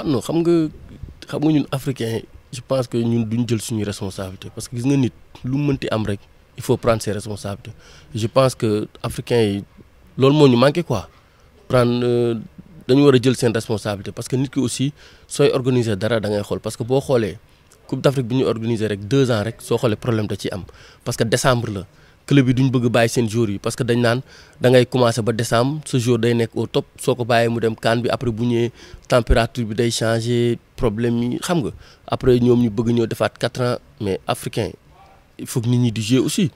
non xam nga xam nga ñun Africains, je pense que ñun duñ jël suñu responsabilité parce que gis nga nit lu mu mënti am rek il faut prendre ses responsabilités je pense que Africains, lool mo ñu manqué quoi prendre euh, dañu wara jël sen responsabilité parce que nit ki aussi soy organiser dara da ngay xol parce que bo xolé Coupe d'Afrique bi ñu organiser rek deux ans rek so xolé problème da ci am parce que décembre la club yi duñ bëgg parce que dañ décembre ce jour day au top soko baye mu dem bi après bu température bi day changer problème yi xam nga après ñom ñu bëgg ñëw defaat quatre ans mais africain il faut que nous ñi aussi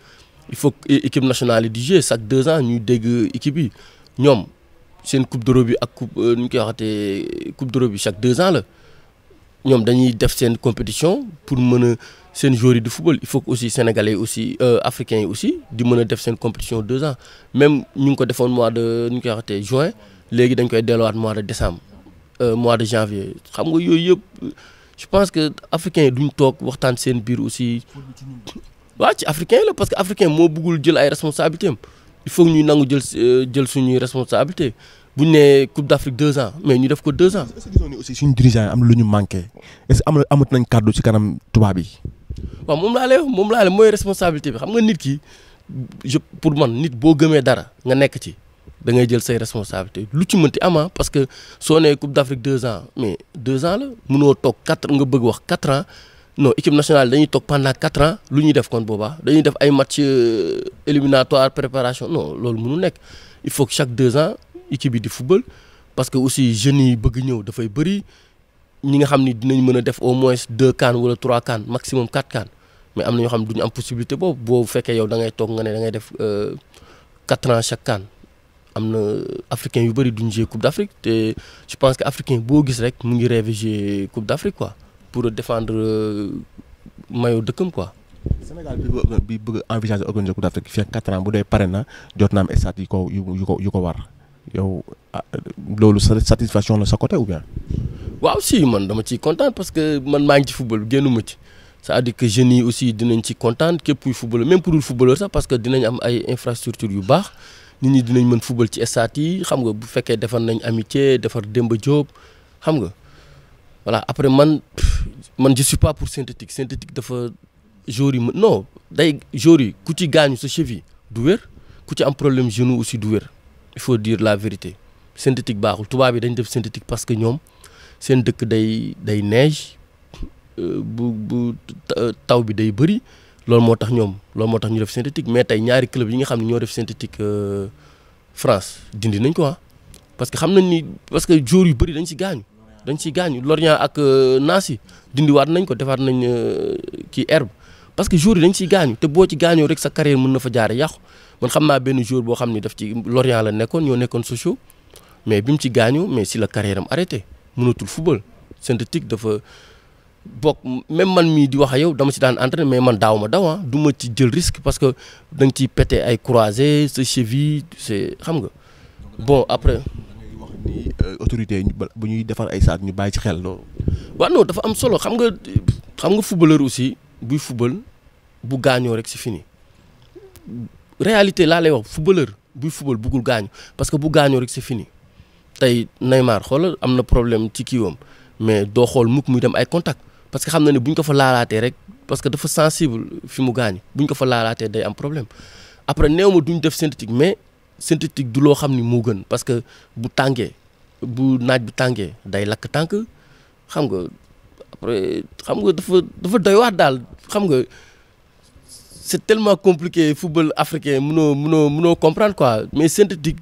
il faut que équipe nationale chaque deux ans nous dégg équipe yi ñom une coupe d'Europe coupe euh, ñu coupe chaque deux ans ñom dañuy def sen compétition pour mën sen seen de football il faut que aussi sénégalais aussi aussi euh, africains aussi di mën def sen compétition deux ans même ñu ko defoon mois de ñu ko arrêté juin légui dañ koy delluwaat mois de décembre euh, mois de janvier xam nga yooyu je pense que africains duñ tok waxtan sen biir aussi waaw ci africain la parce que africain mo bëggul jël ay responsabilités il faut ñuy nangu jël euh, jël suñu responsabilité vous avez Coupe d'Afrique deux ans mais ñu def deux ans. est ce que gisoon aussi un dirigeant am na est ce que nañ cadeau ci kanam yi. la responsabilité bi xam nga je pour man nit vous dara nga ci da responsabilité lu ci est ama ah, parce que vous avez Coupe d'Afrique deux ans mais deux ans la mënoo toog quatre quatre ans. non équipe nationale dañuy pendant 4 ans lu def kon boobaa dañuy def ay match euh, éliminatoire préparation non loolu mënu il faut que chaque deux ans équipe yi di football parce que aussi jeunes yi bëgg ñëw dafay bëri ñi nga xam ni dinañ mën a def au moins deux CAN wala trois CAN maximum quatre CAN mais am na ñoo xam ne du ñu am possibilité boobu boo fekkee yow da ngay toog nga ne da ngay def euh, quatre ans chaque CAN am na africain yu bëri duñ jouer coupe d' te je pense que africain boo gis rek mu ngi rêve jouer coupe d' Afrique pour defendre euh, maillot dëkkam quoi. Sénégal bi bëgg bi bëgg envisager organiser coupe d' Afrique fii ak na jot naa yu ko yu ko yu yo ah, loolu sa satisfaction la sa côté ou bien. waaw si man dama ciy content parce que man maa ngi ci football génnuma ci ça à dire que jeunes yi aussi dinañ ci que képp kuy football même pour le footballeur sax parce que dinañ am ay infrastructures yu baax nit ñi dinañ mën football ci stade yi xam nga bu fekkee defar nañ amitié defar Demba job xam nga voilà après man man je suis pas pour synthétique synthétique dafa jour yi non day jour yi ku ci gaañu sa cheville du wér ku ci am problème genou aussi du wér. il faut dire la vérité synthétique baaxul tuba bi dañ def synthétique parce que ñom seen dëkk day day neige euh, bu bu taw bi day bëri lool motax ñom lool motax ñu def synthétique mais tay ñaari club yi nga xamni ñoo def synthétique euh, France dindi nañ ko ah parce que xamnañ ni parce que jour yu bëri dañ ci gañu dañ ci gañu Lorient ak euh, Nancy dindiwaat nañ ko defaat nañ ki herbe parce que jour yi dañ ci gagne te bo ci gagne rek sa carrière mën na fa jaare yàqu man xamna ben jour bo xamni daf ci Lorient la nekkoon ño nekkoon socio mais bim ci gaañoo mais si la carrière am arrêté mënatul football synthétique dafa bok même man mi di wax yow dama ci dan entraîné mais man dawuma daw hein ah, duma ci jël risque parce que dañ ci pété ay croisé ce cheville c'est xam nga bon après. ni autorité ñu ba bu ñuy defar ay saak ñu bay ci xel loolu. non dafa am solo xam nga xam nga footballeur aussi buy football bu gaañoo rek c'est fini réalité là lay wax footballeur buy football buggul gagne parce que bu gaañoo rek c'est fini tay Neymar xoolal amna problème ci kiwom mais do xol mukk muy dem ay contact parce que xamna ne bu ko fa laalaté rek parce que dafa sensible fi mu gaañ buñ ko fa laalaté day am problème après néew duñ def synthétique mais synthétique du lo xamni ni moo gën parce que bu tàngee bu naaj bu tàngee day lak tank xam nga xam nga dafa dafa doy wax daal xam nga c'est tellement compliqué football africain mënoo mënoo mënoo comprendre quoi mais synthétique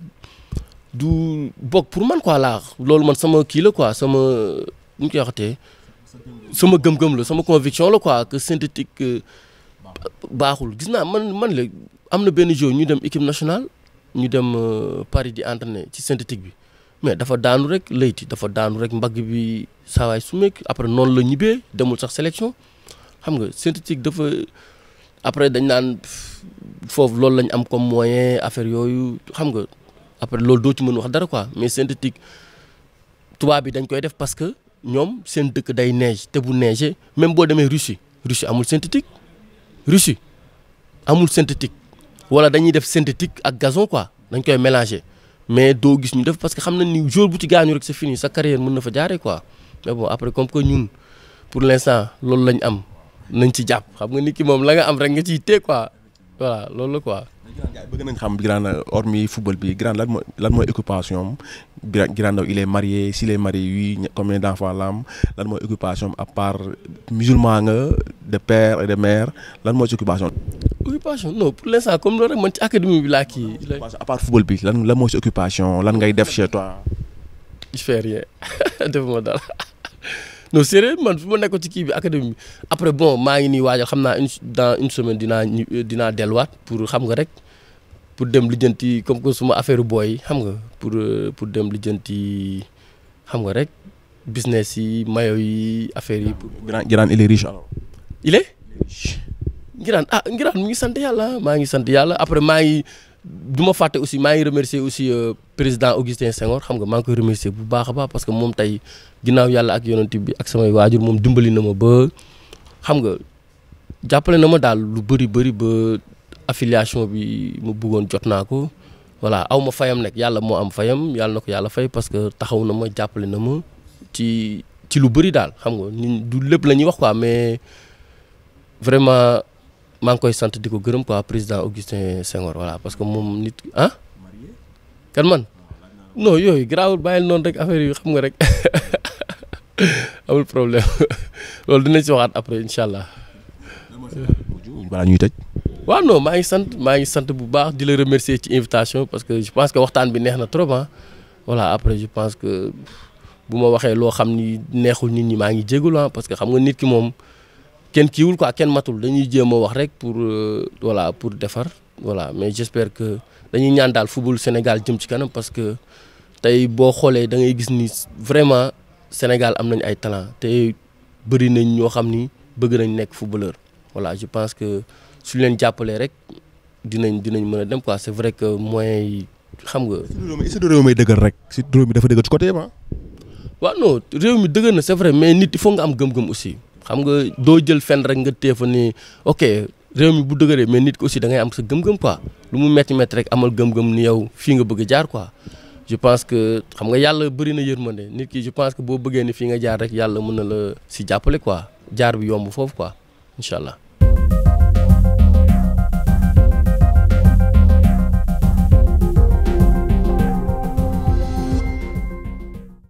du bok pour man quoi là loolu man sama ki la quoi sama nu ñu koy sama gem gem la sama conviction quoi que synthétique euh, baaxul gis na man man le amna ben benn jour ñu dem équipe nationale ñu dem euh, Paris di entraîner ci synthétique mais dafa daanu rek leyti dafa daanu rek mbagg bi su après non la demul sax sélection xam nga synthétique dafa après dañ naan foofu loolu lañ am comme moyen affaire yooyu xam nga après loolu doo ci mën wax dara quoi mais synthétique bi dañ parce que ñoom seen dëkk day neige te bu même Russie Russie amul synthétique Russie amul synthétique wala dañuy def synthétique ak gazon quoi dañ koy mais doo gis ñu def parce que xam na ni jour bu ci gaañu rek c'est fini sa carrière mën na fa jaaree quoi mais bon après comme que ñun pour l'instant loolu lañ am nañ ci jàpp xam nga nit ki moom la nga am rek nga ciy téye quoi voilà loolu la quoi. bëgg nañ xam Birane hormis football bi grand lan mooy lan mooy occupation grand Birane il est marié s'il est marié oui combien d'enfants la am lan mooy occupation à part musulman nga de père et de mère lan mooy occupation occupation non pour l'instant comme loolu rek man ci académie bi laa kii. à part football bi lan lan mooy occupation lan ngay def chez toi. je fais rien defuma dara. non sérieux man su ma nekkoon ci kii bi académie après bon maa ngi nii waajal xam naa une dans une semaine dinaa euh, dinaa delluwaat pour xam nga rek pour dem lijjanti comme que suma affaire booy xam nga pour euh, pour dem lijjanti xam nga rek business yi mayo yi affaire yi. Ngiraan Ngiraan il est riche alors. il est. riche Ngiraan ah Ngiraan yàlla maa ngi sant yàlla après maa ngi. du ma fàtte aussi maa ngi remercier aussi euh, président Augustin Senghor xam nga maa ngi koy remercier bu baax a baax parce que moom tey ginnaaw yàlla ak yonent bi ak samay waajur moom dimbali na ma ba xam nga jàppale na ma daal lu bëri bëri ba affiliation bi ma buggoon jot naa ko voilà aw ma fayam nag yàlla moo am fayam yàlla na ko yàlla fay parce que taxaw na ma jàppale na ma ci ci lu bëri daal xam nga ni du lépp la ñuy wax quoi mais vraiment. maa ngi koy sant di ko gërëm quoi président Augustin Senghor voilà parce que moom nit ah. kan man non yooyu garaawul bàyyil noonu rek affaire yi xam nga rek amul problème loolu dinañ si waxaat après incha allah. balaa ñuy tëj. waaw non maa ngi sant maa ngi sant bu baax di la remercier ci invitation parce que je pense que waxtaan bi neex na trop ah voilà après je pense que bu ma waxee loo xam ni neexul nit ñi maa ngi jégalu ah parce que xam nga nit ki moom. ken kiwul quoi ken matul dañuy jéem wax rek pour euh, voilà pour defar voilà mais j'espère que dañuy ñaan dal football Sénégal jëm ci kanam parce que tay bo xolé da ngay gis ni vraiment Sénégal am nañ ay talent te bëri nañ ño xamni bëgg nañ nekk footballeur voilà je pense que su leen jàppalee rek dinañ dinañ mëna dem quoi c'est vrai que moyen yi xam nga. si réew mi dëgër rek ci réew mi dafa dëgër ci côté ah. wa non réew mi dëgër na c'est vrai mais nit il faut nga am gëm-gëm aussi. xam nga doo jël fen rek nga teefa ni ok réew mi bu dëgëree mais nit ko aussi da ngay am sa gëm-gëm quoi lu mu metti metti rek amal gëm-gëm ni yow fii nga bëgg jaar quoi je pense que xam nga yàlla bëri na yërmande nit ki je pense que boo bëggee ni fii nga jaar rek yàlla mën na la si jàppale ko jaar bi yomb foofu quoi incha allah